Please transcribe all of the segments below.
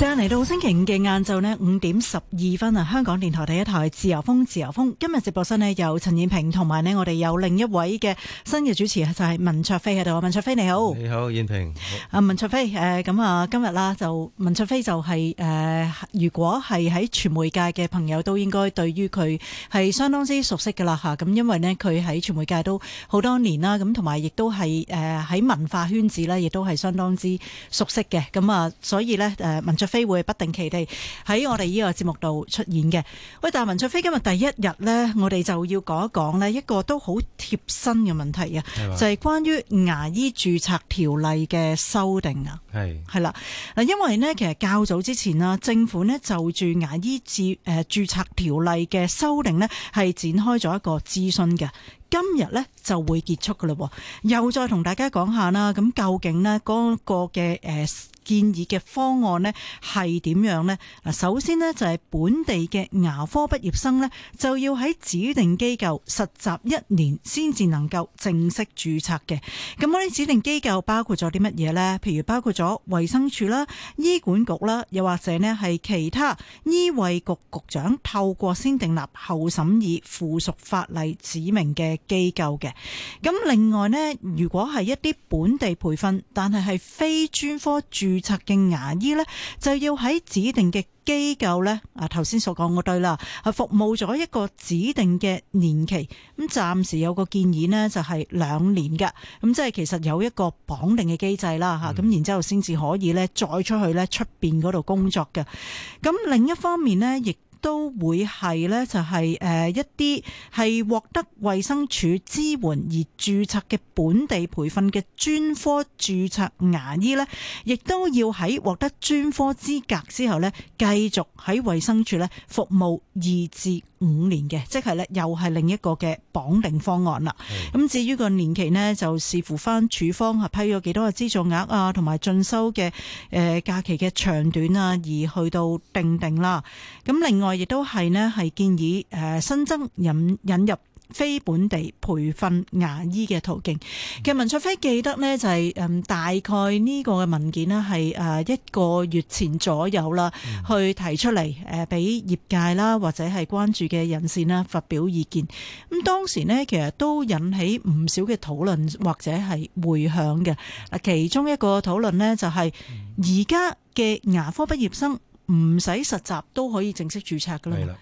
正嚟到星期五嘅晏晝呢，五點十二分啊！香港電台第一台《自由風》，自由風今日直播室呢，有陳燕平，同埋呢我哋有另一位嘅新嘅主持，就係、是、文卓飛喺度。文卓飛你好，你好燕平。啊文卓飛，誒咁啊今日啦，就文卓飛就係、是、誒、呃，如果係喺傳媒界嘅朋友都應該對於佢係相當之熟悉㗎喇吓，咁因為呢，佢喺傳媒界都好多年啦，咁同埋亦都係誒喺文化圈子呢，亦都係相當之熟悉嘅，咁啊所以呢，誒文卓。飛會不定期地喺我哋呢個節目度出現嘅。喂，但係文卓飛今日第一日呢，我哋就要講一講呢一個都好貼身嘅問題啊，是嗎就係關於牙醫註冊條例嘅修訂啊。係係啦，嗱，因為呢，其實較早之前啦，政府呢就住牙醫注誒註冊條例嘅修訂呢，係展開咗一個諮詢嘅，今日呢，就會結束噶啦，又再同大家講下啦。咁究竟呢嗰個嘅誒？建議嘅方案呢係點樣呢？嗱，首先呢，就係本地嘅牙科畢業生呢，就要喺指定機構實習一年先至能夠正式註冊嘅。咁嗰啲指定機構包括咗啲乜嘢呢？譬如包括咗衛生署啦、醫管局啦，又或者呢係其他醫衞局局長透過先訂立後審議附屬法例指明嘅機構嘅。咁另外呢，如果係一啲本地培訓，但係係非專科注拆嘅牙醫呢，就要喺指定嘅機構呢。啊頭先所講嗰對啦，係服務咗一個指定嘅年期，咁暫時有個建議呢，就係、是、兩年嘅，咁即係其實有一個綁定嘅機制啦，吓咁、嗯、然之後先至可以呢，再出去呢出面嗰度工作嘅，咁另一方面呢，亦。都會係咧，就係、是、誒一啲係獲得衛生署支援而註冊嘅本地培訓嘅專科註冊牙醫咧，亦都要喺獲得專科資格之後咧，繼續喺衛生署咧服務二至五年嘅，即係咧又係另一個嘅綁定方案啦。咁、嗯、至於個年期咧，就視乎翻署方係批咗幾多個資助額啊，同埋進修嘅誒假期嘅長短啊，而去到定定啦。咁另外。亦都係咧，係建議誒新增引引入非本地培訓牙醫嘅途徑。其實文卓飛記得呢，就係嗯大概呢個嘅文件咧，係誒一個月前左右啦，去提出嚟誒俾業界啦或者係關注嘅人士啦發表意見。咁當時咧，其實都引起唔少嘅討論或者係回響嘅。嗱，其中一個討論呢，就係而家嘅牙科畢業生。唔使實習都可以正式註冊㗎啦。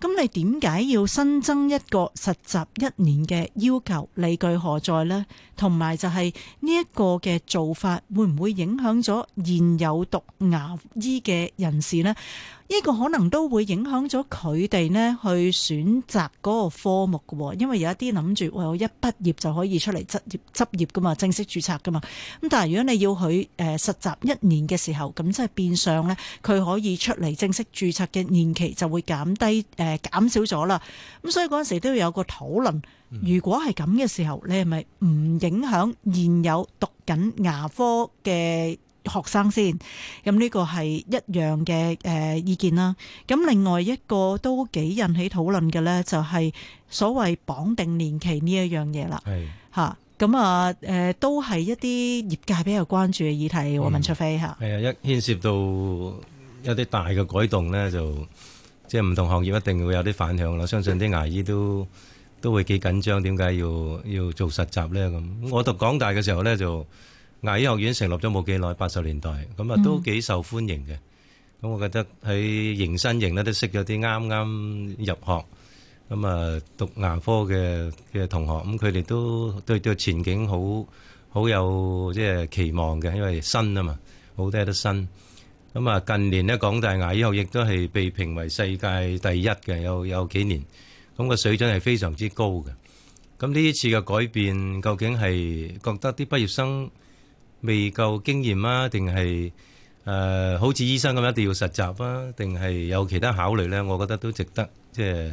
咁你點解要新增一個實習一年嘅要求？理據何在呢？同埋就係呢一個嘅做法，會唔會影響咗現有讀牙醫嘅人士呢？呢、呢個可能都會影響咗佢哋呢去選擇嗰個科目㗎喎、哦，因為有一啲諗住，我一畢業就可以出嚟執業執業噶嘛，正式註冊噶嘛。咁但係如果你要佢誒實習一年嘅時候，咁即係變相呢，佢可以出嚟正式註冊嘅年期就會減低誒，減少咗啦，咁所以嗰陣時都要有個討論。如果係咁嘅時候，你係咪唔影響現有讀緊牙科嘅學生先？咁呢個係一樣嘅誒意見啦。咁另外一個都幾引起討論嘅咧，就係所謂綁定年期呢一樣嘢啦。係吓，咁啊，誒，都係一啲業界比較關注嘅議題。我問卓飛吓，係啊，一牽涉到一啲大嘅改動咧，就。即係唔同行業一定會有啲反響啦，相信啲牙醫都都會幾緊張，點解要要做實習咧？咁我讀港大嘅時候咧，就牙醫學院成立咗冇幾耐，八十年代咁啊，都幾受歡迎嘅。咁我覺得喺迎新營咧，都識咗啲啱啱入學咁啊讀牙科嘅嘅同學，咁佢哋都對對前景好好有即係期望嘅，因為新啊嘛，好多嘢都新。咁啊，近年咧港大牙醫學亦都係被評為世界第一嘅，有有幾年，咁個水準係非常之高嘅。咁呢次嘅改變，究竟係覺得啲畢業生未夠經驗啊，定係誒好似醫生咁一定要實習啊，定係有其他考慮咧？我覺得都值得，即係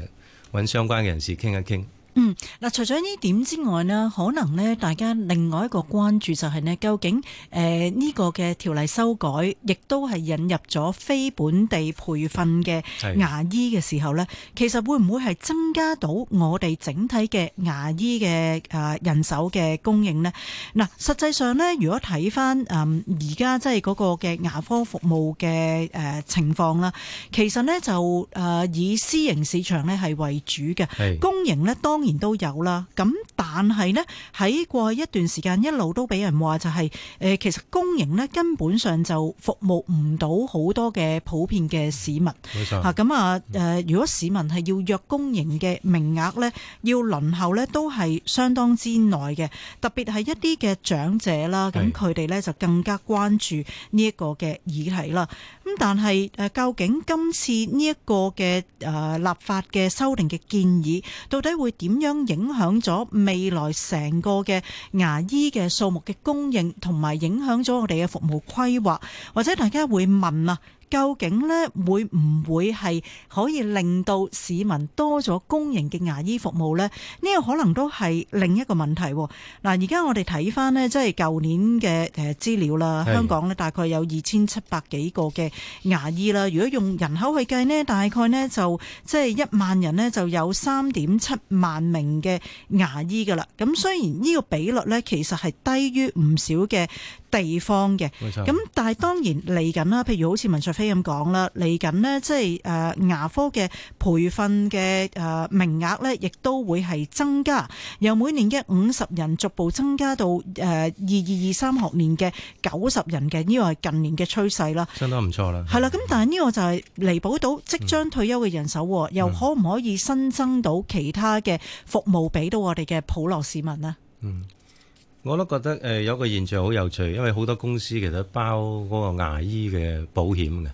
揾相關嘅人士傾一傾。嗯，嗱，除咗呢點之外咧，可能咧大家另外一個關注就係、是、咧，究竟誒呢、呃這個嘅條例修改，亦都係引入咗非本地培訓嘅牙醫嘅時候咧，是其實會唔會係增加到我哋整體嘅牙醫嘅誒人手嘅供應咧？嗱，實際上咧，如果睇翻誒而家即係嗰個嘅牙科服務嘅誒情況啦，其實咧就誒、呃、以私營市場咧係為主嘅，是公營咧當。當然都有啦，咁但係呢，喺過去一段時間一路都俾人話就係、是、誒、呃，其實公營咧根本上就服務唔到好多嘅普遍嘅市民，吓咁喂啊。誒、呃，嗯、如果市民係要約公營嘅名額呢，要輪候咧都係相當之耐嘅，特別係一啲嘅長者啦，咁佢哋呢，就更加關注呢一個嘅議題啦。咁但係誒，究竟今次呢一個嘅誒立法嘅修訂嘅建議，到底會點樣影響咗未來成個嘅牙醫嘅數目嘅供應，同埋影響咗我哋嘅服務規劃，或者大家會問啊？究竟咧會唔會係可以令到市民多咗公營嘅牙醫服務咧？呢、呢個可能都係另一個問題。嗱，而家我哋睇翻咧，即係舊年嘅誒資料啦，香港咧大概有二千七百幾個嘅牙醫啦。如果用人口去計咧，大概咧就即係一萬人咧就有三點七萬名嘅牙醫噶啦。咁雖然呢個比率咧其實係低於唔少嘅地方嘅，咁的但係當然嚟緊啦。譬如好似文卓飛。咁講啦，嚟緊呢，即係誒牙科嘅培訓嘅誒名額呢，亦都會係增加，由每年嘅五十人逐步增加到誒二二二三學年嘅九十人嘅。呢個係近年嘅趨勢啦，真得唔錯啦。係啦，咁但係呢個就係彌補到即將退休嘅人手，嗯、又可唔可以新增到其他嘅服務俾到我哋嘅普羅市民呢？嗯。我都覺得誒有個現象好有趣，因為好多公司其實包嗰個牙醫嘅保險嘅，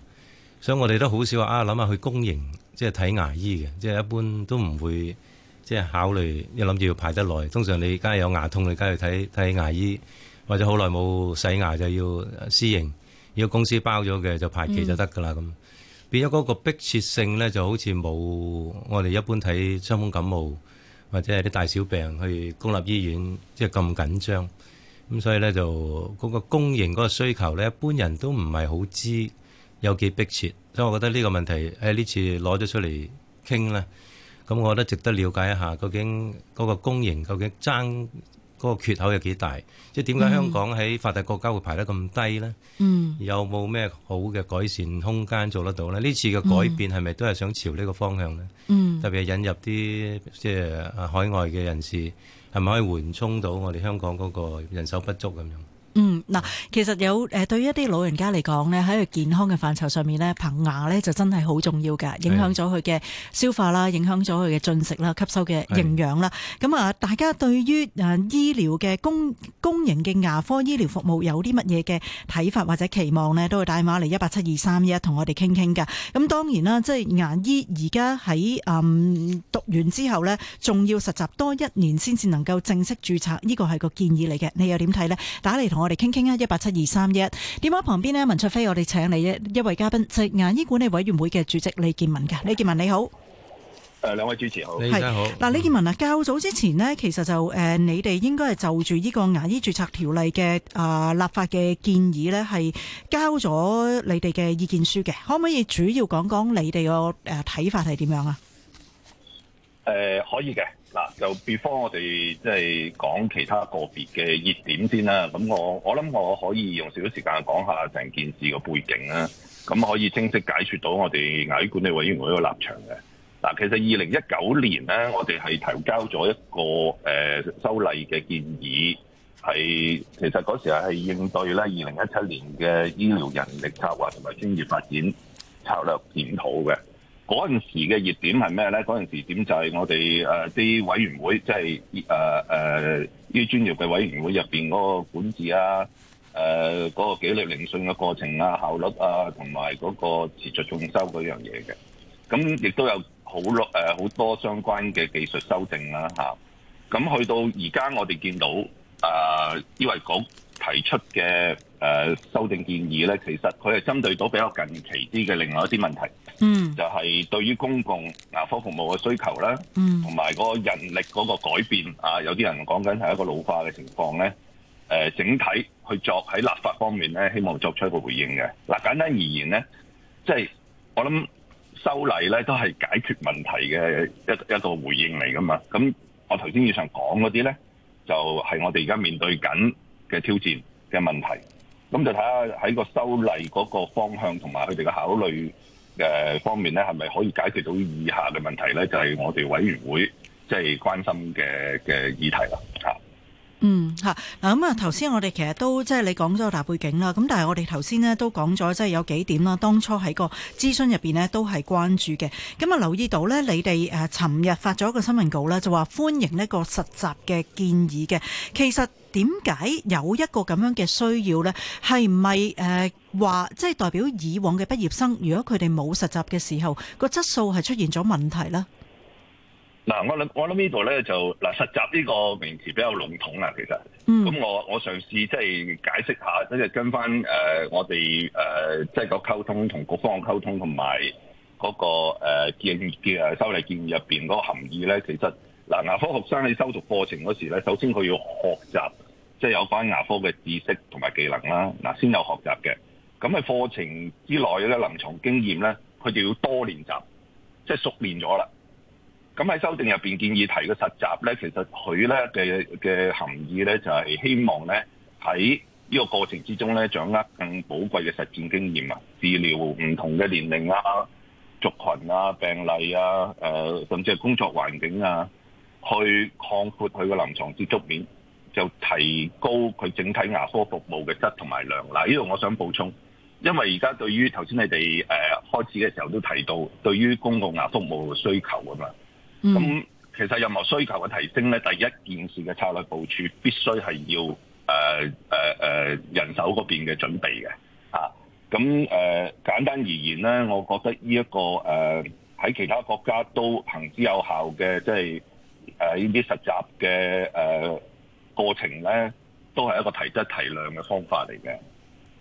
所以我哋都好少話啊，諗下去公營即係睇牙醫嘅，即係一般都唔會即係考慮，因為諗住要排得耐。通常你梗係有牙痛，你梗係去睇睇牙醫，或者好耐冇洗牙就要私營，如果公司包咗嘅就排期就得㗎啦咁。嗯、變咗嗰個迫切性咧，就好似冇我哋一般睇傷風感冒。或者係啲大小病去公立醫院，即係咁緊張，咁所以咧就嗰、嗰個公營嗰個需求咧，一般人都唔係好知有幾迫切，所以我覺得呢個問題喺呢、哎、次攞咗出嚟傾啦，咁我覺得值得了解一下究竟嗰個公營究竟爭，嗰個缺口有幾大？即係點解香港喺發達國家會排得咁低呢？有冇咩好嘅改善空間做得到呢？呢次嘅改變係咪都係想朝呢個方向呢？特別係引入啲即係海外嘅人士，係咪可以緩衝到我哋香港嗰個人手不足咁樣？嗯，嗱，其實有誒，對於一啲老人家嚟講呢，喺佢健康嘅範疇上面呢，棚牙呢就真係好重要㗎，影響咗佢嘅消化啦，影響咗佢嘅進食啦，吸收嘅營養啦。咁啊的，大家對於誒醫療嘅公公營嘅牙科醫療服務有啲乜嘢嘅睇法或者期望呢，都會打電話嚟一八七二三一同我哋傾傾噶。咁當然啦，即係牙醫而家喺誒讀完之後呢，仲要實習多一年先至能夠正式注冊，呢個係個建議嚟嘅。你又點睇呢？打嚟同。我哋傾傾啊，一八七二三一電話旁邊呢，文卓飛，我哋請嚟一一位嘉賓，即、就、牙、是、醫管理委員會嘅主席李健民噶，李健民你好，誒兩位主持好，你好嗱，李健民啊，嗯、較早之前呢，其實就誒、呃，你哋應該係就住呢、這個牙醫注冊條例嘅啊、呃、立法嘅建議呢，係交咗你哋嘅意見書嘅，可唔可以主要講講你哋個誒睇法係點樣啊？誒、呃，可以嘅。嗱，就比方我哋即係講其他個別嘅熱點先啦。咁我我諗我可以用少少時間講下成件事嘅背景啦。咁可以清晰解說到我哋牙醫管理委員會個立場嘅。嗱，其實二零一九年咧，我哋係提交咗一個誒、呃、修例嘅建議，係其實嗰時候係應對咧二零一七年嘅醫療人力策劃同埋專業發展策略檢討嘅。嗰陣時嘅熱點係咩咧？嗰陣時點就係我哋誒啲委員會，即係誒誒啲專業嘅委員會入邊嗰個管治啊、誒、呃、嗰、嗰個紀律聆訊嘅過程啊、效率啊，同埋嗰個持續重修嗰樣嘢嘅。咁亦都有好好多相關嘅技術修正啦、吓、咁去到而家我哋見到誒，消委局提出嘅。誒、呃、修訂建議咧，其實佢係針對到比較近期啲嘅另外一啲問題，嗯，mm. 就係對於公共牙科服務嘅需求啦，嗯，同埋個人力嗰個改變啊，有啲人講緊係一個老化嘅情況咧，誒、呃，整體去作喺立法方面咧，希望作出一個回應嘅。嗱、啊，簡單而言咧，即、就、係、是、我諗修例咧都係解決問題嘅一一個回應嚟噶嘛。咁我頭先以上講嗰啲咧，就係、是、我哋而家面對緊嘅挑戰嘅問題。咁就睇下喺個修例嗰個方向同埋佢哋嘅考慮嘅方面呢係咪可以解決到以下嘅問題呢？就係、是、我哋委員會即係關心嘅嘅議題啦、嗯。嗯嗱，咁啊頭先我哋其實都即係你講咗個大背景啦。咁但係我哋頭先呢都講咗，即係有幾點啦。當初喺個諮詢入面呢都係關注嘅。咁啊留意到呢，你哋誒尋日發咗一個新聞稿呢，就話歡迎呢個實習嘅建議嘅。其實。點解有一個咁樣嘅需要咧？係唔係誒，話即係代表以往嘅畢業生，如果佢哋冇實習嘅時候，個質素係出現咗問題咧？嗱，我諗我諗呢度咧就，嗱，實習呢個名詞比較籠統啦，其實，咁我我嘗試即係解釋下，即係跟翻，誒我哋誒即係個溝通，同各方嘅溝通，同埋嗰個誒建建誒修例建議入邊嗰個含義咧，其實。牙科學生喺修讀課程嗰時咧，首先佢要學習，即係有關牙科嘅知識同埋技能啦，嗱先有學習嘅。咁喺課程之內咧，臨床經驗咧，佢就要多練習，即係熟練咗啦。咁喺修訂入邊建議提嘅實習咧，其實佢咧嘅嘅含義咧就係希望咧喺呢個過程之中咧，掌握更寶貴嘅實踐經驗啊，治療唔同嘅年齡啊、族群啊、病例啊、誒甚至係工作環境啊。去擴闊佢個臨床接觸面，就提高佢整體牙科服務嘅質同埋量。嗱，呢度我想補充，因為而家對於頭先你哋誒、呃、開始嘅時候都提到，對於公共牙服務嘅需求吖嘛。咁、嗯、其實任何需求嘅提升咧，第一件事嘅策略部署必須係要誒誒誒人手嗰邊嘅準備嘅。啊，咁誒、呃、簡單而言咧，我覺得呢、這、一個誒喺、呃、其他國家都行之有效嘅，即係。誒，呢啲、啊、實習嘅誒過程咧，都係一個提質提量嘅方法嚟嘅。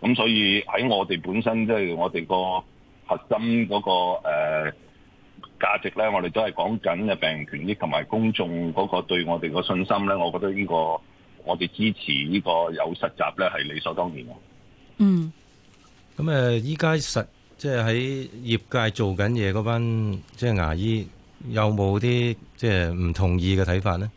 咁、啊、所以喺我哋本身即係、就是、我哋個核心嗰、那個誒價、啊、值咧，我哋都係講緊嘅病人權益同埋公眾嗰個對我哋嘅信心咧，我覺得呢、這個我哋支持呢個有實習咧係理所當然嘅。嗯，咁誒、嗯，依家實即係喺業界做緊嘢嗰班即係、就是、牙醫。有冇啲即係唔同意嘅睇法呢？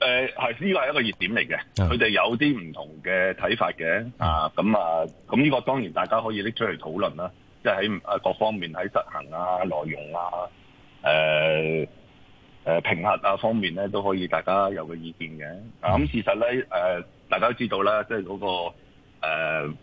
誒、呃，係呢個係一個熱點嚟嘅，佢哋有啲唔同嘅睇法嘅啊。咁、嗯、啊，咁呢個當然大家可以拎出嚟討論啦。即係喺各方面喺執行啊內容啊誒誒評核啊方面咧都可以大家有個意見嘅。咁事、嗯啊、實呢，誒、呃，大家都知道啦，即係嗰個誒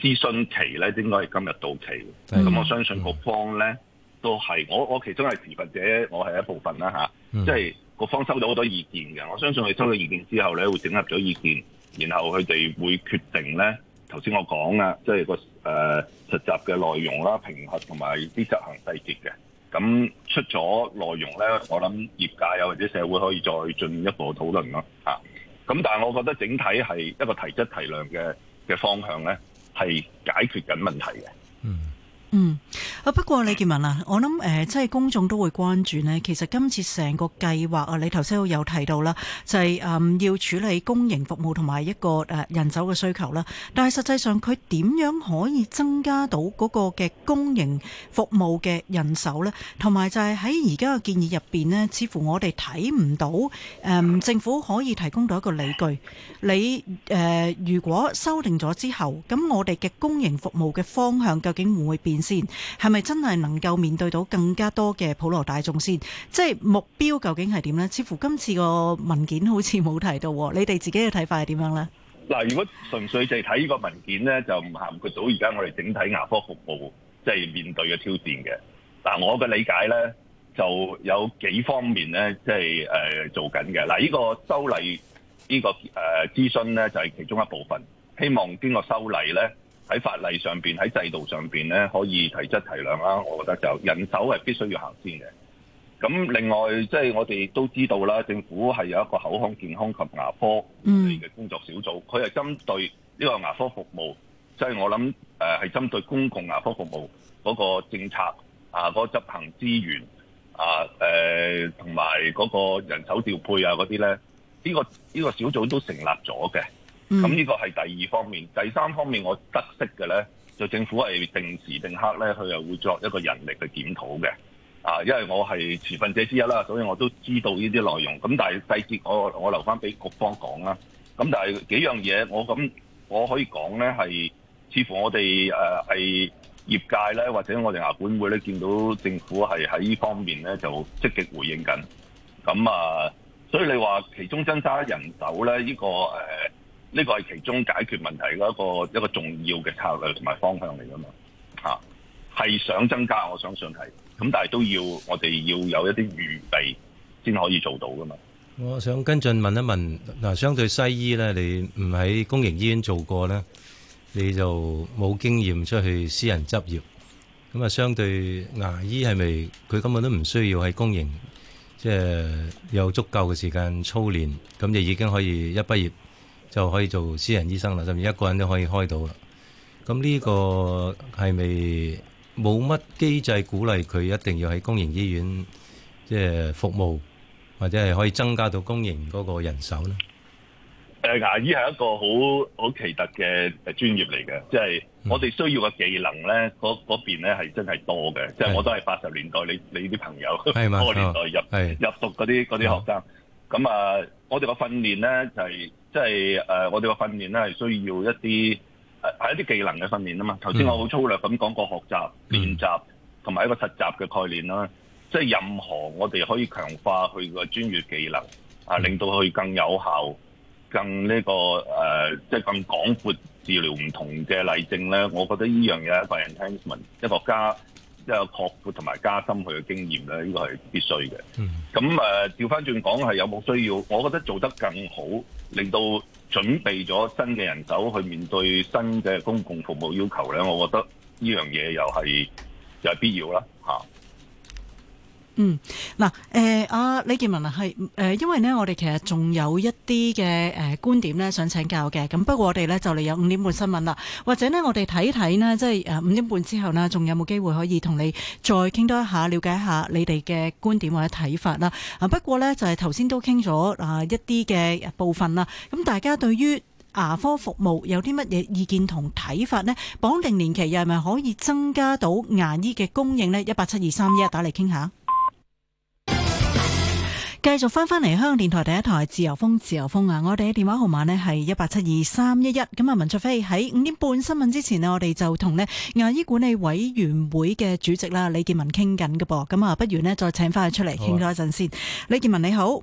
諮詢期咧應該係今日到期的，咁、嗯、我相信各方呢。嗯都係，我我其中係持份者，我係一部分啦嚇、啊，即係各方收到好多意見嘅。我相信佢收到意見之後咧，會整合咗意見，然後佢哋會決定咧。頭先我講啊，即係個誒實習嘅內容啦、評核同埋啲執行細節嘅。咁出咗內容咧，我諗業界又或者社會可以再進一步討論咯嚇。咁、啊、但係我覺得整體係一個提質提量嘅嘅方向咧，係解決緊問題嘅。嗯。嗯啊，不過李建文啊，我諗誒、呃、即係公眾都會關注咧。其實今次成個計劃啊，你頭先都有提到啦，就係、是、誒、呃、要處理公營服務同埋一個誒、呃、人手嘅需求啦。但係實際上佢點樣可以增加到嗰個嘅公營服務嘅人手咧？同埋就係喺而家嘅建議入邊咧，似乎我哋睇唔到誒、呃、政府可以提供到一個理據。你誒、呃、如果修訂咗之後，咁我哋嘅公營服務嘅方向究竟會唔會變？先係咪真係能夠面對到更加多嘅普羅大眾先？即係目標究竟係點咧？似乎今次個文件好似冇提到，你哋自己嘅睇法係點樣咧？嗱，如果純粹就係睇呢個文件咧，就唔含括到而家我哋整體牙科服務即係、就是、面對嘅挑戰嘅。嗱，我嘅理解咧就有幾方面咧，即係誒做緊嘅。嗱，呢個修例、這個呃、諮詢呢個誒諮詢咧就係、是、其中一部分，希望經過修例咧。喺法例上面、喺制度上面咧，可以提質提量啦、啊。我覺得就人手係必須要行先嘅。咁另外，即係我哋都知道啦，政府係有一個口腔健康及牙科嘅工作小組，佢係針對呢個牙科服務，即係我諗誒係針對公共牙科服務嗰個政策啊，嗰個執行資源啊，誒同埋嗰個人手調配啊嗰啲咧，呢個呢個小組都成立咗嘅。咁呢個係第二方面，第三方面我得識嘅咧，就是，政府係定時定刻咧，佢又會作一個人力嘅檢討嘅。啊，因為我係持份者之一啦，所以我都知道呢啲內容。咁但係細節我我留翻俾局方講啦。咁但係幾樣嘢我咁我可以講咧，係似乎我哋誒係業界咧，或者我哋牙管會咧，見到政府係喺呢方面咧就積極回應緊。咁啊，所以你話其中增加人手咧，呢，呢個誒。呃呢個係其中解決問題嘅一個一個重要嘅策略同埋方向嚟㗎嘛，吓係想增加，我相信係，咁但係都要我哋要有一啲預備先可以做到㗎嘛。我想跟進問一問，嗱，相對西醫咧，你唔喺公營醫院做過咧，你就冇經驗出去私人執業，咁啊，相對牙醫係咪佢根本都唔需要喺公營，即係有足夠嘅時間操練，咁就已經可以一畢業。就可以做私人醫生啦，甚至一個人都可以開到啦。咁呢個係咪冇乜機制鼓勵佢一定要喺公營醫院即係服務，或者係可以增加到公營嗰個人手呢？呃，牙醫係一個好好奇特嘅專業嚟嘅，即係我哋需要嘅技能呢。嗰嗰邊呢係真係多嘅。即係我都係八十年代，你你啲朋友嗰個年代入入讀嗰啲啲學生，咁啊，啊，我哋個訓練呢就係。即係誒，我哋個訓練咧係需要一啲係、呃、一啲技能嘅訓練啊嘛。頭先我好粗略咁講過學習、嗯、練習同埋一個實習嘅概念啦。即、就、係、是、任何我哋可以強化佢個專業技能、嗯、啊，令到佢更有效、更呢、這個誒，即、呃、係、就是、更廣闊治療唔同嘅例證咧。我覺得呢樣嘢一個 enhancement 一個加一個擴闊同埋加深佢嘅經驗咧，呢個係必須嘅。咁誒、嗯，調翻轉講係有冇需要？我覺得做得更好。令到準備咗新嘅人手去面對新嘅公共服務要求咧，我覺得呢樣嘢又係又係必要啦。嗯嗱，誒、呃，阿李健民係誒、呃，因為呢，我哋其實仲有一啲嘅誒觀點呢，想請教嘅。咁不過我哋呢，就嚟有五點半新聞啦，或者呢，我哋睇睇呢，即係誒五點半之後呢，仲有冇機會可以同你再傾多一下，了解一下你哋嘅觀點或者睇法啦。啊，不過呢，就係頭先都傾咗啊一啲嘅部分啦。咁大家對於牙科服務有啲乜嘢意見同睇法呢？綁定年期又係咪可以增加到牙醫嘅供應呢？1, 一八七二三一打嚟傾下。繼續翻翻嚟，香港電台第一台自由風自由風啊！我哋嘅電話號碼呢係一八七二三一一。咁啊，文卓菲喺五點半新聞之前呢，我哋就同呢牙醫管理委員會嘅主席啦李健民，傾緊㗎噃，咁啊，不如呢，再請翻佢出嚟傾多一陣先。李健民你好。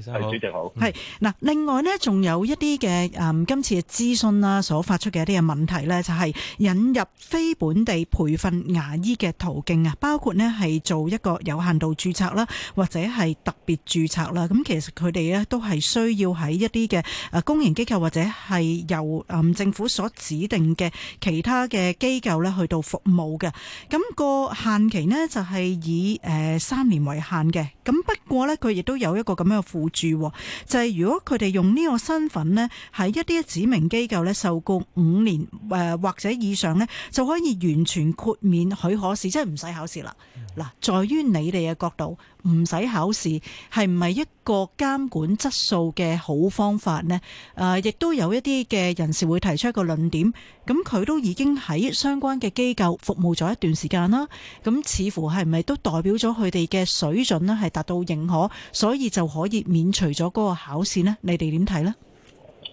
係主席好。係嗱，另外呢，仲有一啲嘅誒，今次嘅諮詢啦，所發出嘅一啲嘅問題呢，就係、是、引入非本地培訓牙醫嘅途徑啊，包括呢係做一個有限度註冊啦，或者係特別註冊啦。咁其實佢哋呢都係需要喺一啲嘅誒公營機構，或者係由政府所指定嘅其他嘅機構呢去到服務嘅。咁、那個限期呢，就係、是、以誒、呃、三年為限嘅。咁不過咧，佢亦都有一個咁樣嘅輔助，就係、是、如果佢哋用呢個身份呢，喺一啲指明機構咧受僱五年誒或者以上呢，就可以完全豁免許可試，即係唔使考試啦。嗱，在於你哋嘅角度，唔使考試係唔係一個監管質素嘅好方法呢？誒，亦都有一啲嘅人士會提出一個論點，咁佢都已經喺相關嘅機構服務咗一段時間啦。咁似乎係唔係都代表咗佢哋嘅水準呢係達到認可，所以就可以免除咗嗰個考試呢？你哋點睇呢？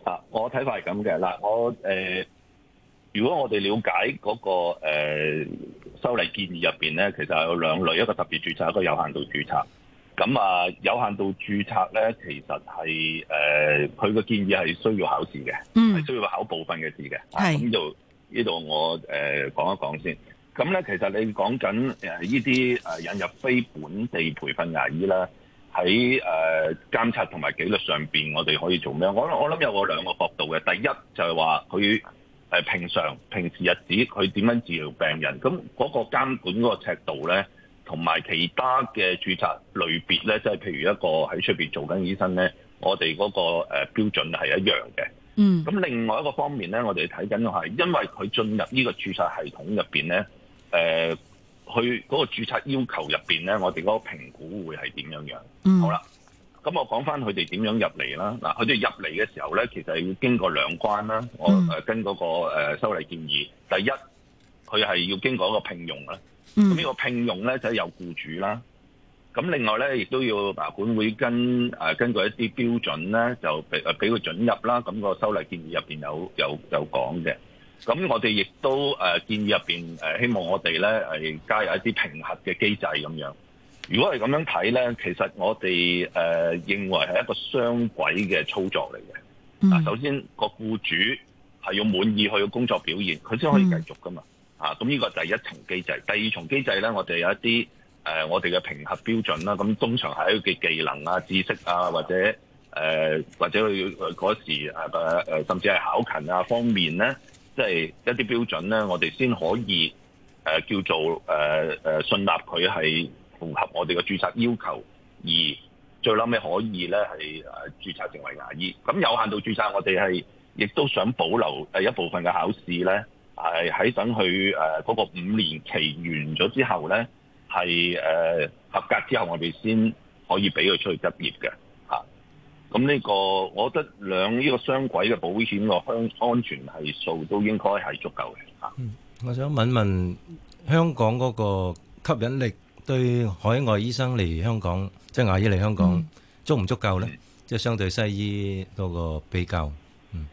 啊，我睇法係咁嘅，嗱，我誒，如果我哋瞭解嗰個誒。修例建議入邊咧，其實有兩類，一個特別註冊，一個有限度註冊。咁啊，有限度註冊咧，其實係誒，佢、呃、個建議係需要考試嘅，係、嗯、需要考部分嘅試嘅。係咁就呢度我誒、呃、講一講先。咁咧，其實你講緊誒呢啲誒引入非本地培訓牙醫啦，喺誒、呃、監察同埋紀律上邊，我哋可以做咩？我我諗有個兩個角度嘅。第一就係話佢。係平常平時日子，佢點樣治療病人？咁嗰個監管嗰個尺度咧，同埋其他嘅註冊類別咧，即係譬如一個喺出面做緊醫生咧，我哋嗰個誒標準係一樣嘅。嗯，咁另外一個方面咧，我哋睇緊係因為佢進入呢個註冊系統入面咧，誒、呃，佢嗰個註冊要求入面咧，我哋嗰個評估會係點樣樣？嗯，好啦。咁我講翻佢哋點樣入嚟啦？嗱，佢哋入嚟嘅時候咧，其實要經過兩關啦。我誒跟嗰個修例建議，嗯、第一佢係要經過一個聘用啦。咁、嗯、呢個聘用咧就是、有僱主啦。咁另外咧亦都要牙管會跟誒、啊、根據一啲標準咧就俾誒俾佢准入啦。咁、那個修例建議入面有有有講嘅。咁我哋亦都誒建議入面，希望我哋咧加入一啲平衡嘅機制咁樣。如果係咁樣睇咧，其實我哋誒、呃、認為係一個雙軌嘅操作嚟嘅。嗱，mm. 首先個僱主係要滿意佢嘅工作表現，佢先可以繼續㗎嘛。Mm. 啊，咁呢個第一層機制。第二層機制咧，我哋有一啲誒、呃、我哋嘅評核標準啦。咁通常係佢嘅技能啊、知識啊，或者誒、呃、或者佢嗰時、呃、甚至係考勤啊方面咧，即、就、係、是、一啲標準咧，我哋先可以誒、呃、叫做誒誒、呃、信納佢係符合我哋嘅註冊要求，而最後尾可以咧係誒註冊成為牙醫。咁有限度註冊，我哋係亦都想保留誒一部分嘅考試咧，係、啊、喺等佢誒嗰個五年期完咗之後咧，係誒、啊、合格之後，我哋先可以俾佢出去執業嘅吓。咁、啊、呢個我覺得兩呢、這個雙軌嘅保險個香安全係數都應該係足夠嘅嚇。我想問問香港嗰個吸引力？對海外醫生嚟香港，即係牙醫嚟香港，嗯、足唔足夠咧？是的即係相對西醫多個比較，嗯，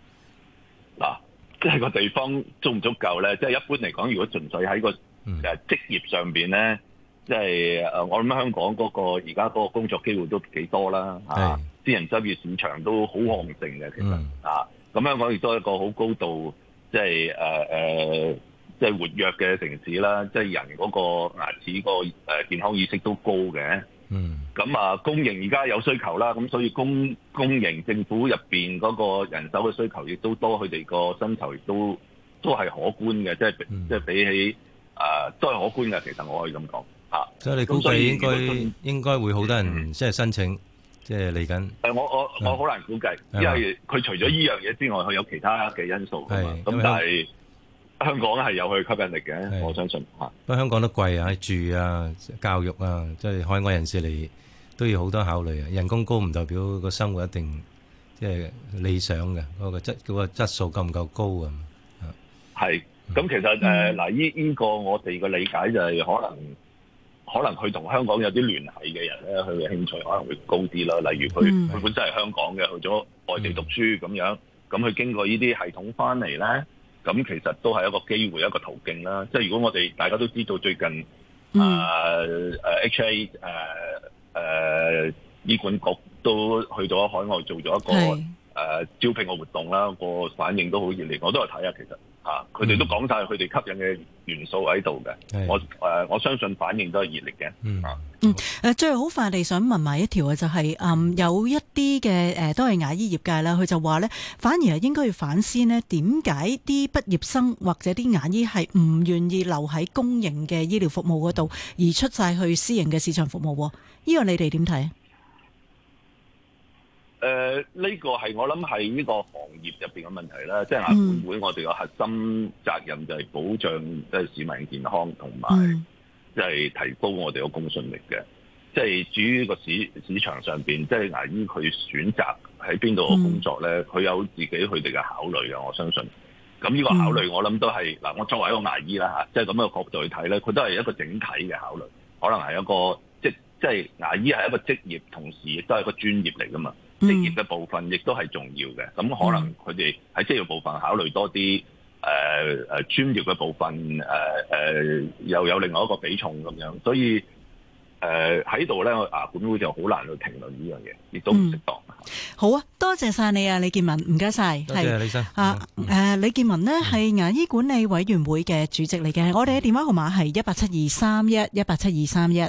嗱，即係個地方足唔足夠咧？即、就、係、是、一般嚟講，如果純粹喺個誒職業上邊咧，即係誒我諗香港嗰、那個而家嗰個工作機會都幾多啦，嚇是、啊、私人執業市場都好旺盛嘅，其實、嗯、啊，咁香港亦都係一個好高度，即係誒誒。呃呃即係活躍嘅城市啦，即係人嗰個牙齒個誒健康意識都高嘅。嗯。咁啊，公營而家有需求啦，咁所以公公營政府入邊嗰個人手嘅需求亦都多，佢哋個薪酬亦都都係可觀嘅，即係比嗯、即係即係比起誒、呃、都係可觀嘅。其實我可以咁講嚇。所以你估計應該、啊這個、應該會好多人即係申請，即係嚟緊。誒，我我我好難估計，嗎因為佢除咗依樣嘢之外，佢有其他嘅因素啊咁但係。香港係有佢吸引力嘅，我相信。但係香港都貴啊，住啊、教育啊，即係海外人士嚟都要好多考慮啊。人工高唔代表個生活一定即係理想嘅，嗰個質嗰個質素夠唔夠高啊？係。咁其實誒嗱，依依個我哋個理解就係可能可能佢同香港有啲聯繫嘅人咧，佢嘅興趣可能會高啲啦。例如佢佢本身係香港嘅，去咗外地讀書咁樣，咁佢經過依啲系統翻嚟咧。咁其實都係一個機會，一個途徑啦。即係如果我哋大家都知道最近、嗯、啊，誒、啊、H A 誒誒醫管局都去咗海外做咗一個誒是、啊、招聘嘅活動啦，個反應都好熱烈，我都係睇下其實。啊！佢哋都講晒佢哋吸引嘅元素喺度嘅，我誒，我相信反應都係熱烈嘅。嗯，嗯，誒，最後好快地想問埋一條啊，就係誒，有一啲嘅誒，都係牙醫業界啦，佢就話咧，反而係應該要反思呢，點解啲畢業生或者啲牙醫係唔願意留喺公營嘅醫療服務嗰度，而出晒去私營嘅市場服務？呢個你哋點睇？誒呢、呃這個係我諗係呢個行業入邊嘅問題啦，嗯、即係牙管會我哋嘅核心責任就係保障即係市民健康同埋，即係提高我哋嘅公信力嘅。嗯、即係至於個市市場上邊，即係牙醫佢選擇喺邊度工作咧，佢、嗯、有自己佢哋嘅考慮嘅。我相信，咁呢個考慮我諗都係嗱、嗯，我作為一個牙醫啦嚇，即係咁樣嘅角度去睇咧，佢都係一個整體嘅考慮，可能係一個即即係牙醫係一個職業同事，同時亦都係一個專業嚟噶嘛。職業嘅部分亦都係重要嘅，咁、嗯、可能佢哋喺職業部分考慮多啲，誒誒專業嘅部分，誒、呃、誒又有另外一個比重咁樣，所以誒喺度咧，牙、呃、本、啊、會就好難去評論呢樣嘢，亦都唔適當。好啊，多謝晒你啊，李健民，唔該晒，多謝是李生啊，誒、嗯啊啊，李健民呢，係牙、嗯、醫管理委員會嘅主席嚟嘅，我哋嘅電話號碼係一八七二三一一八七二三一。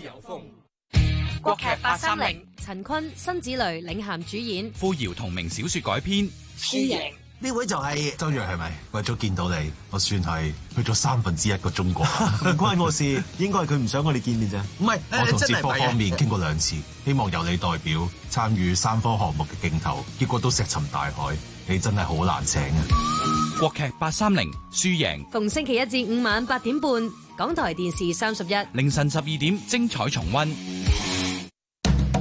國劇八三零，陳坤、辛芷蕾領銜主演，傅瑤同名小說改編。輸贏呢位就係、是、周銳，係咪為咗見到你，我算係去咗三分之一個中國， 關我事？ 應該係佢唔想我哋見面咋？唔係不我同節科方面經過兩次，希望由你代表參與三科項目嘅鏡頭，結果都石沉大海。你真係好難請啊！國劇八三零，輸贏，逢星期一至五晚八點半，港台電視三十一，凌晨十二點精彩重溫。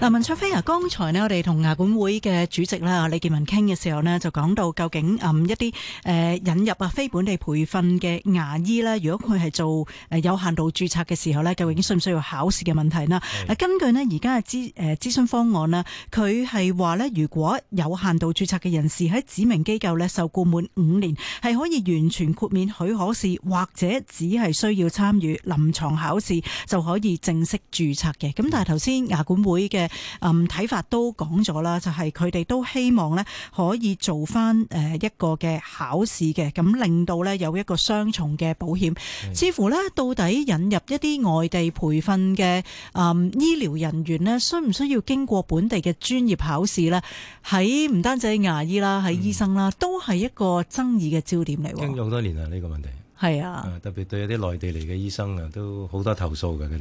嗱，文卓飛啊，剛才咧我哋同牙管會嘅主席啦李健民，傾嘅時候咧，就講到究竟啊一啲誒引入啊非本地培訓嘅牙醫咧，如果佢係做誒有限度注冊嘅時候咧，究竟需唔需要考試嘅問題啦？嗱、嗯，根據咧而家嘅諮誒諮詢方案啦，佢係話咧，如果有限度注冊嘅人士喺指明機構咧受僱滿五年，係可以完全豁免許可試或者只係需要參與臨牀考試就可以正式注冊嘅。咁但係頭先牙管會嘅。嗯，睇法都講咗啦，就係佢哋都希望呢可以做翻誒一個嘅考試嘅，咁令到呢有一個雙重嘅保險。的似乎呢，到底引入一啲外地培訓嘅嗯醫療人員呢，需唔需要經過本地嘅專業考試呢？喺唔單止牙醫啦，喺醫生啦，嗯、都係一個爭議嘅焦點嚟。經歷好多年啊，呢、呢個問題係啊，的特別對一啲內地嚟嘅醫生啊，都好多投訴嘅佢哋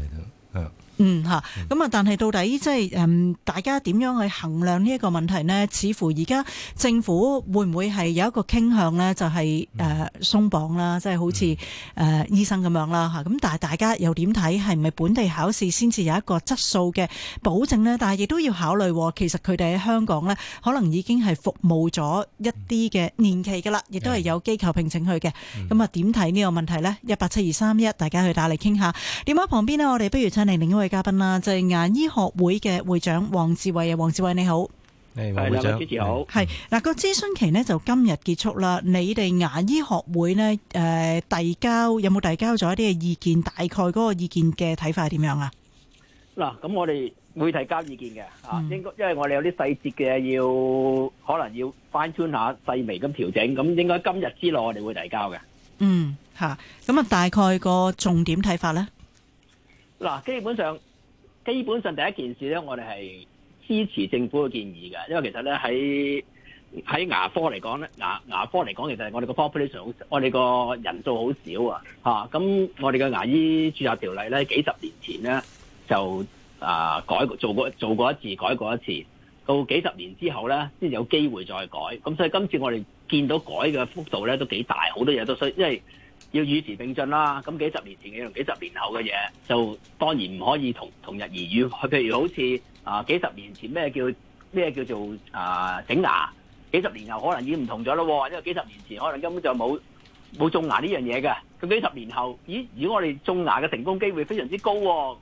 都嗯吓，咁啊，但係到底即係誒，大家點樣去衡量呢一個問題咧？似乎而家政府會唔會係有一個傾向咧，嗯、就係誒鬆綁啦，即係好似誒醫生咁樣啦吓。咁但係大家又點睇係唔係本地考試先至有一個質素嘅保證咧？但係亦都要考慮，其實佢哋喺香港咧，可能已經係服務咗一啲嘅年期噶啦，亦都係有機構聘請佢嘅。咁啊、嗯，點睇呢個問題咧？一八七二三一，大家去打嚟傾下。電話旁邊咧，我哋不如請嚟另一位。嘉賓啦，就係牙醫學會嘅會長王志偉啊。王志偉你好。喂，會長，你好。係嗱個諮詢期咧就今日結束啦。你哋牙醫學會咧，誒遞交有冇遞交咗一啲嘅意見？大概嗰個意見嘅睇法係點樣啊？嗱，咁我哋會提交意見嘅啊，應該因為我哋有啲細節嘅要，可能要 fine-tune 下細微咁調整，咁應該今日之內我哋會遞交嘅。嗯，吓，咁啊，大概個重點睇法咧？嗱，基本上，基本上第一件事咧，我哋係支持政府嘅建議嘅，因為其實咧喺喺牙科嚟講咧，牙牙科嚟講，其實係我哋個 population 我哋個人數好少啊，吓、咁、我哋嘅牙醫註冊條例咧，幾十年前咧就啊改做過做過一次改過一次，到幾十年之後咧先有機會再改，咁所以今次我哋見到改嘅幅度咧都幾大，好多嘢都需，因為要與時並進啦，咁幾十年前嘅同幾十年後嘅嘢，就當然唔可以同同日而語。譬如好似啊幾十年前咩叫咩叫做啊整牙，幾十年後可能已經唔同咗咯。因為幾十年前可能根本就冇冇種牙呢樣嘢嘅，咁幾十年後，咦？如果我哋種牙嘅成功機會非常之高，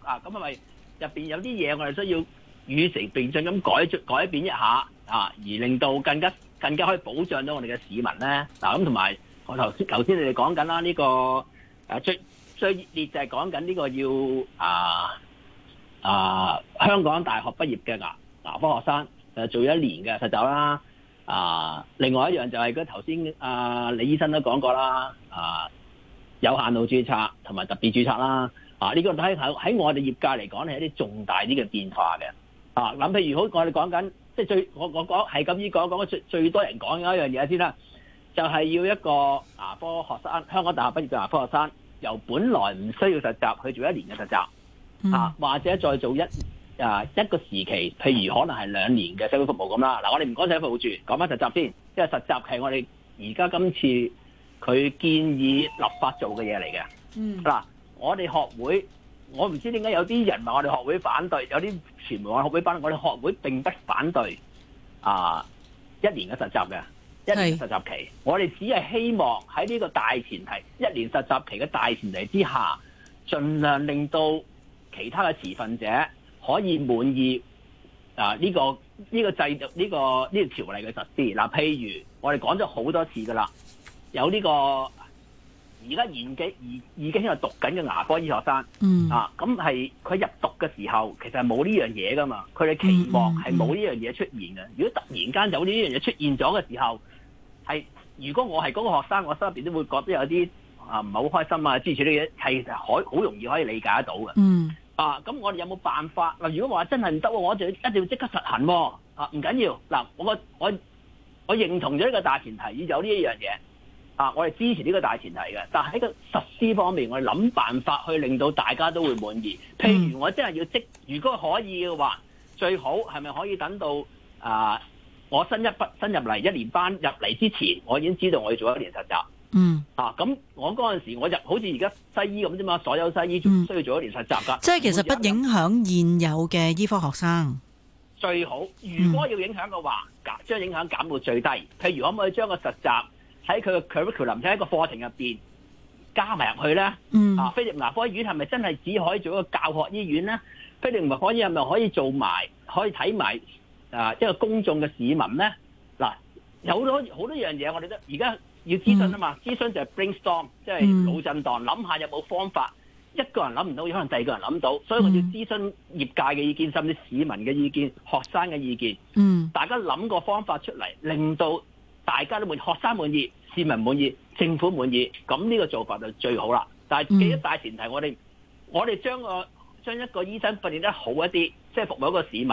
啊咁係咪入面有啲嘢我哋需要與時並進咁改改變一下啊，而令到更加更加可以保障到我哋嘅市民咧，嗱咁同埋。啊我頭先頭先你哋講緊啦，呢個誒最最熱烈就係講緊呢個要啊啊香港大學畢業嘅牙牙科學生誒做一年嘅實習啦啊，另外一樣就係嗰頭先阿李醫生都講過啦啊，有限度註冊同埋特別註冊啦啊，呢個喺喺我哋業界嚟講係一啲重大啲嘅變化嘅啊，咁譬如好我哋講緊即係最我我講係咁依講講最最多人講嘅一樣嘢先啦。就係要一個牙科學生，香港大學畢業嘅牙科學生，由本來唔需要實習去做一年嘅實習，mm. 啊，或者再做一啊一個時期，譬如可能係兩年嘅社會服務咁啦。嗱、啊，我哋唔講社會服務住，講翻實習先，因為實習係我哋而家今次佢建議立法做嘅嘢嚟嘅。嗱、mm. 啊，我哋學會，我唔知點解有啲人話我哋學會反對，有啲傳媒話學會反對，我哋學會並不反對啊一年嘅實習嘅。一年實習期，是我哋只係希望喺呢個大前提，一年實習期嘅大前提之下，盡量令到其他嘅持份者可以滿意啊！呢個呢個制度呢個呢條條例嘅實施。嗱、啊，譬如我哋講咗好多次噶啦，有呢、個而家現既已已經喺度讀緊嘅牙科醫學生，嗯啊，咁係佢入讀嘅時候，其實冇呢樣嘢噶嘛，佢哋期望係冇呢樣嘢出現嘅。嗯、如果突然間有呢樣嘢出現咗嘅時候，係，如果我係嗰個學生，我心入邊都會覺得有啲啊唔係好開心啊，支持呢啲嘢係可好容易可以理解得到嘅。嗯，mm. 啊，咁我哋有冇辦法嗱？如果話真係唔得，我就一定要即刻實行喎、啊。啊，唔緊要，嗱、啊，我我我認同咗呢個大前提，要有呢一樣嘢啊，我哋支持呢個大前提嘅。但係喺個實施方面，我哋諗辦法去令到大家都會滿意。譬如我真係要即，如果可以嘅話，最好係咪可以等到啊？我新一筆新入嚟一年班入嚟之前，我已經知道我要做一年實習。嗯。啊，咁我嗰陣時我就入好似而家西醫咁啫嘛，所有西醫仲需要做一年實習噶、嗯。即係其實不影響現有嘅醫科學生。最好如果要影響嘅話，嗯、將影響減到最低。譬如可唔可以將個實習喺佢嘅 curriculum 喺一個課程入邊加埋入去咧？嗯。啊，菲臘牙科醫院係咪真係只可以做一個教學醫院咧？菲臘牙科醫院係咪可以做埋可以睇埋？啊！一個公眾嘅市民咧，嗱、啊、有好多好多樣嘢，我哋都而家要諮詢啊嘛。嗯、諮詢就係 brainstorm，即係腦震盪，諗下有冇方法、嗯一。一個人諗唔到，可能第二個人諗到，所以我要諮詢業界嘅意見，甚至市民嘅意見、學生嘅意見。嗯，大家諗個方法出嚟，令到大家都滿學生滿意、市民滿意、政府滿意，咁呢個做法就最好啦。但係記得大前提我，我哋我哋將將，將一個醫生訓練得好一啲，即、就、係、是、服務一個市民。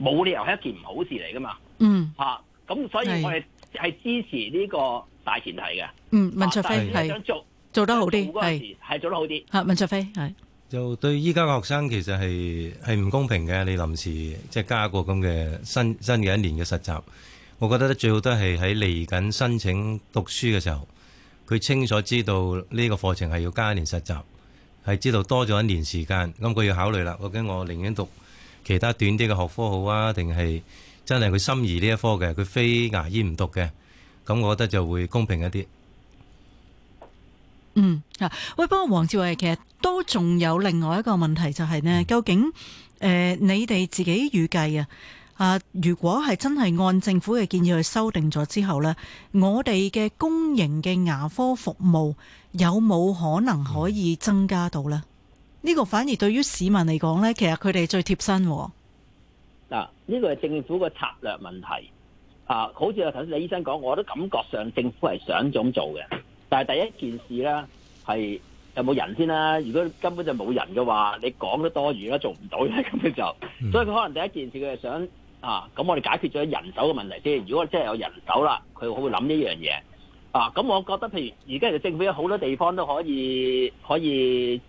冇理由係一件唔好事嚟噶嘛，嗯，嚇，咁所以我哋係支持呢個大前提嘅，嗯，文卓飛係，啊、是是想做是做得好啲，係係做得好啲，嚇、啊，文卓飛係。就對依家嘅學生其實係係唔公平嘅，你臨時即係、就是、加過咁嘅新新嘅一年嘅實習，我覺得最好都係喺嚟緊申請讀書嘅時候，佢清楚知道呢個課程係要加一年實習，係知道多咗一年時間，咁佢要考慮啦，究竟我寧願讀其他短啲嘅學科好啊，定係真係佢心儀呢一科嘅，佢非牙醫唔讀嘅，咁我覺得就會公平一啲。嗯，啊，喂，不過王志偉，其實都仲有另外一個問題就係咧，究竟誒你哋自己預計啊，啊如果係真係按政府嘅建議去修訂咗之後咧，我哋嘅公營嘅牙科服務有冇可能可以增加到咧？呢個反而對於市民嚟講咧，其實佢哋最貼身嗱。呢、啊呢個係政府個策略問題啊。好似我頭先李醫生講，我都感覺上政府係想咁做嘅。但係第一件事咧係有冇人先啦、啊。如果根本就冇人嘅話，你講都多餘啦，做唔到嘅咁嘅就。Mm. 所以佢可能第一件事佢係想啊。咁我哋解決咗人手嘅問題先。如果真係有人手啦，佢會會諗呢樣嘢啊。咁我覺得譬如而家嘅政府有好多地方都可以可以。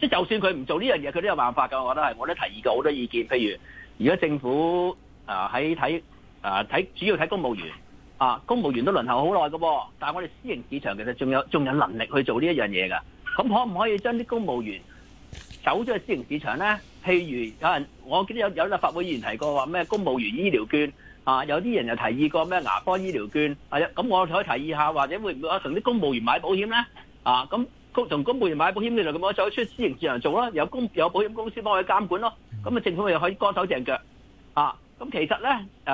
即就算佢唔做呢樣嘢，佢都有辦法㗎。我覺得係，我都提議過好多意見。譬如，而家政府啊喺睇啊睇，主要睇公務員啊，公務員都輪候好耐㗎喎。但係我哋私營市場其實仲有仲有能力去做呢一樣嘢㗎。咁可唔可以將啲公務員走咗去私營市場咧？譬如有人，我記得有有立法會議員提過話咩公務員醫療券啊，有啲人又提議過咩牙科醫療券啊，咁我可以提議下，或者會唔會同啲公務員買保險咧？啊咁。同公務員買保險，你就咁樣走出私營自行做啦。有公有保險公司幫佢監管咯，咁啊政府又可以乾手淨腳啊！咁其實咧誒，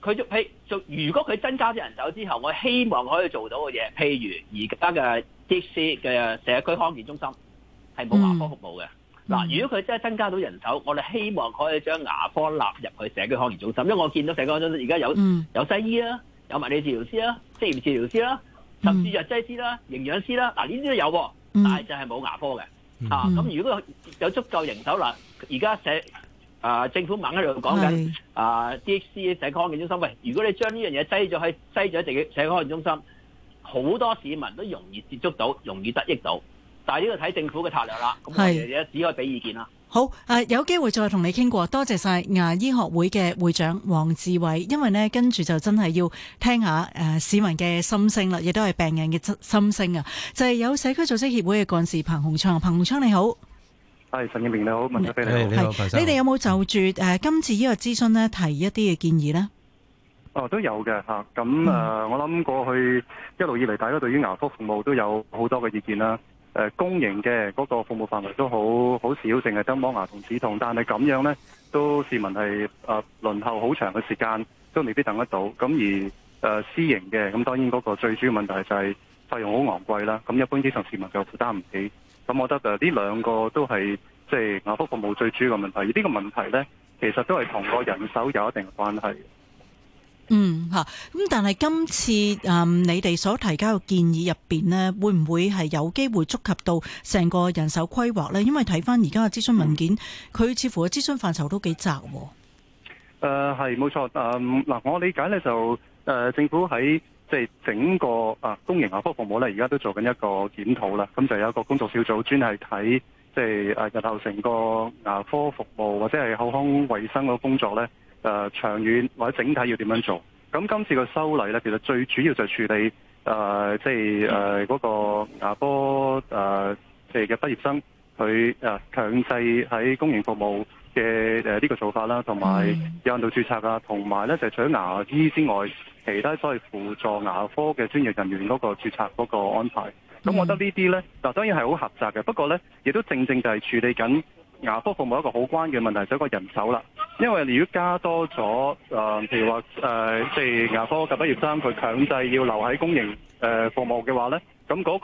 佢、呃、就譬就如果佢增加咗人手之後，我希望可以做到嘅嘢，譬如而家嘅啲私嘅社區康健中心係冇牙科服務嘅。嗱、嗯，如果佢真係增加到人手，我哋希望可以將牙科納入佢社區康健中心，因為我見到社區中心而家有有西醫啊，有物理治療師啊，職業治療師啦、啊。甚至藥劑師啦、營養師啦，嗱，呢啲都有，但係就係冇牙科嘅。嗯嗯、啊，咁如果有足夠人手，嗱，而家社啊政府猛喺度講緊啊 DHC 社康健中心，喂，如果你將呢樣嘢擠咗喺擠咗自己社康健中心，好多市民都容易接觸到，容易得益到。但係呢個睇政府嘅策略啦，咁我哋而家只可以俾意見啦。好，誒，有機會再同你傾過，多謝曬牙醫學會嘅會長王志偉，因為咧跟住就真係要聽下誒市民嘅心聲啦，亦都係病人嘅心聲啊，就係有社區組織協會嘅幹事彭鴻昌。彭鴻昌你好，係陳建明你好，文德飛你好，你好，彭生，你哋有冇就住誒今次依個諮詢咧提一啲嘅建議咧？哦，都有嘅嚇，咁啊，我諗過去一路以嚟，大家對於牙科服務都有好多嘅意見啦。誒、呃，公營嘅嗰個服務範圍都好好少，淨係得磨牙同止痛，但係咁樣呢，都市民係誒輪候好長嘅時間，都未必等得到。咁而誒、呃、私營嘅，咁當然嗰個最主要問題就係、是、費用好昂貴啦。咁一般基層市民就負擔唔起。咁我覺得誒呢兩個都係即係牙科服務最主要嘅問題。而呢個問題呢，其實都係同個人手有一定嘅關係。嗯吓，咁、嗯、但係今次啊、嗯，你哋所提交嘅建議入邊咧，會唔會係有機會觸及到成個人手規劃咧？因為睇翻而家嘅諮詢文件，佢、嗯、似乎嘅諮詢範疇都幾窄。誒、呃、係，冇錯，誒、嗯、嗱，我理解咧就誒、呃、政府喺即係整個啊公營牙科服務咧，而家都做緊一個檢討啦。咁就有一個工作小組專係睇即係誒日後成個牙科服務或者係口腔衛生個工作咧。誒、呃、長遠或者整體要點樣做？咁今次個修例咧，其實最主要就處理誒，即係誒嗰個牙科誒嘅畢業生，佢誒、呃、強制喺公營服務嘅呢、呃呢個做法啦，同埋有限度註冊啊，同埋咧就係、除咗牙醫之外，其他所謂輔助牙科嘅專業人員嗰個註冊嗰個安排。咁、嗯、我覺得呢啲咧，嗱當然係好狹窄嘅，不過咧亦都正正就係處理緊。牙科服務一個好關鍵問題就係一個人手啦，因為如果加多咗，誒，譬如話，誒，即係牙科嘅畢業生，佢強制要留喺公營誒服務嘅話咧，咁嗰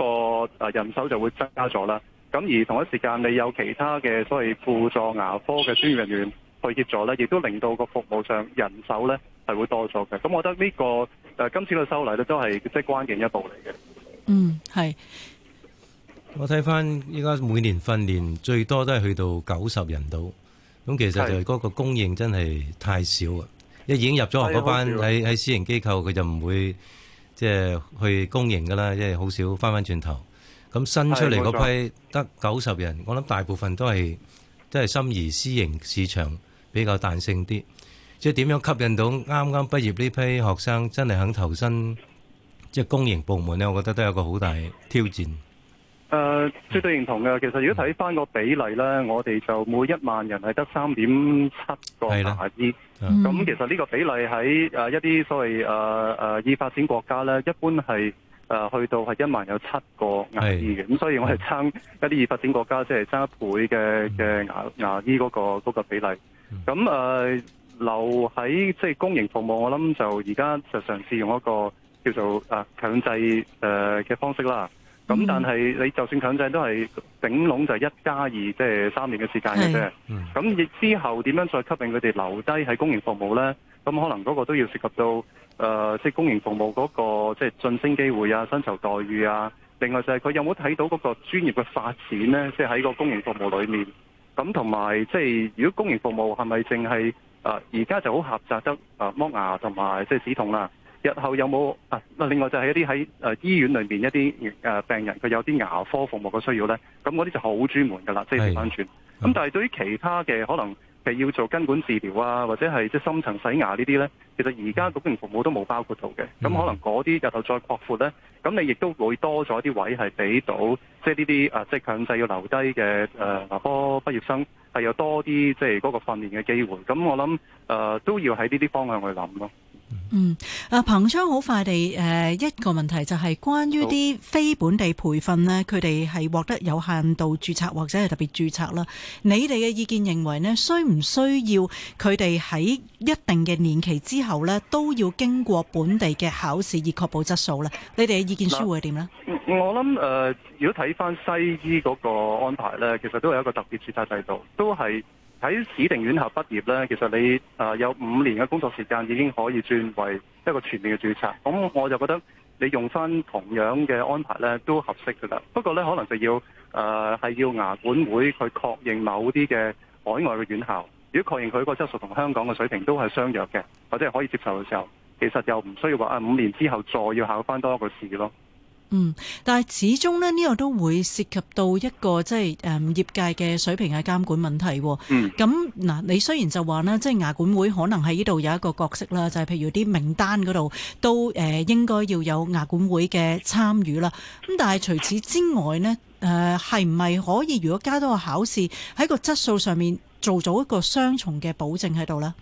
個誒人手就會增加咗啦。咁而同一時間，你有其他嘅所謂輔助牙科嘅專業人員去協助咧，亦都令到個服務上人手咧係會多咗嘅。咁我覺得呢個誒今次嘅修例咧都係即係關鍵一步嚟嘅。嗯，係。我睇翻依家每年訓練最多都係去到九十人度，咁其實就係嗰個供應真係太少啊！一已經入咗學嗰班喺喺私營機構，佢就唔會即係去公營噶啦，即係好少翻翻轉頭。咁新出嚟嗰批得九十人，我諗大部分都係真係心儀私營市場比較彈性啲。即係點樣吸引到啱啱畢業呢批學生真係肯投身即係公營部門咧？我覺得都有個好大挑戰。誒、呃，絕對認同嘅。其實如果睇翻個比例咧，我哋就每一萬人係得三點七個牙醫。咁的其實呢個比例喺誒一啲所謂誒誒已發展國家咧，一般係誒、呃、去到係一萬有七個牙醫嘅。咁的所以我係爭一啲已發展國家，即係爭一倍嘅嘅牙牙醫嗰個、嗰個比例。咁誒、嗯呃、留喺即係公營服務，我諗就而家就嘗試用一個叫做誒強、呃、制誒嘅、呃、方式啦。咁、mm hmm. 但係你就算強制都係頂籠就係一加二，即係三年嘅時間嘅啫。咁亦、mm hmm. 之後點樣再吸引佢哋留低喺公營服務呢？咁可能嗰個都要涉及到誒，即係公營服務嗰、嗰個即係、即係、晉升機會啊、薪酬待遇啊。另外就係佢有冇睇到嗰個專業嘅發展呢？即係喺個公營服務裏面。咁同埋即係如果公營服務係咪淨係而家就好狹窄得誒、呃、剝牙同埋即係止痛啦、啊？日後有冇啊？另外就係一啲喺誒醫院裏面一、一啲誒病人，佢有啲牙科服務嘅需要呢，咁嗰啲就好專門噶啦，是即係調翻轉。咁、嗯、但係對於其他嘅可能係要做根管治療啊，或者係即係深層洗牙呢啲呢，其實而家嗰啲服務都冇包括到嘅。咁、嗯、可能嗰啲日後再擴闊呢，咁你亦都會多咗啲位係俾到，即係呢啲誒，即係強制要留低嘅誒牙科畢業生，係有多啲即係嗰個訓練嘅機會。咁我諗誒、呃、都要喺呢啲方向去諗咯。嗯，啊彭昌好快地，誒、呃、一個問題就係關於啲非本地培訓呢，佢哋係獲得有限度註冊或者係特別註冊啦。你哋嘅意見認為呢，需唔需要佢哋喺一定嘅年期之後呢都要經過本地嘅考試以確保質素咧？你哋嘅意見書會係點呢、呃？我諗誒，如果睇翻西醫嗰個安排呢，其實都係一個特別註冊制度，都係。喺指定院校畢業咧，其實你有五年嘅工作時間已經可以轉為一個全面嘅註冊。咁我就覺得你用返同樣嘅安排咧都合適㗎喇。不過咧可能就要誒係、呃、要牙管會去確認某啲嘅海外嘅院校，如果確認佢個質素同香港嘅水平都係相若嘅，或者係可以接受嘅時候，其實又唔需要話啊五年之後再要考返多一個試咯。嗯，但係始終呢呢、呢個都會涉及到一個即係誒業界嘅水平嘅監管問題、哦。嗯，咁嗱、嗯，你雖然就話呢即係牙管會可能喺呢度有一個角色啦，就係、是、譬如啲名單嗰度都誒、呃、應該要有牙管會嘅參與啦。咁、嗯、但係除此之外呢，誒係唔係可以？如果加多個考試喺個質素上面做咗一個雙重嘅保證喺度呢？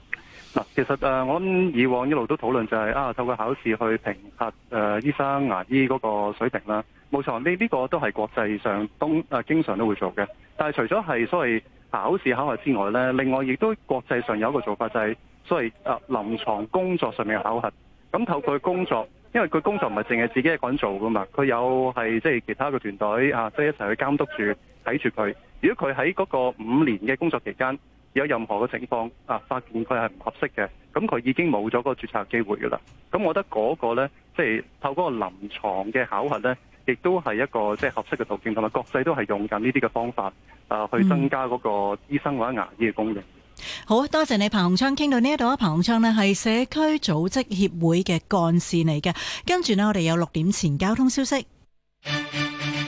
嗱，其實誒，我諗以往一路都討論就係、是、啊，透過考試去評核誒、啊、醫生牙醫嗰個水平啦。冇錯，呢、這、呢個都係國際上都誒、啊、經常都會做嘅。但係除咗係所謂考試考核之外咧，另外亦都國際上有一個做法就係所謂誒、啊、臨床工作上面嘅考核。咁透過佢工作，因為佢工作唔係淨係自己一個人做㗎嘛，佢有係即係其他嘅團隊啊，即、就、係、是、一齊去監督住睇住佢。如果佢喺嗰個五年嘅工作期間，有任何嘅情況啊，發現佢係唔合適嘅，咁佢已經冇咗嗰個註冊機會嘅啦。咁我覺得嗰個咧，即係透過嗰個臨牀嘅考核咧，亦都係一個即係合適嘅途徑同埋，國際都係用緊呢啲嘅方法啊，去增加嗰個醫生或者牙醫嘅供應。嗯、好多謝你彭鴻昌，傾到呢一度啊，彭鴻昌呢係社區組織協會嘅幹事嚟嘅。跟住呢，我哋有六點前交通消息。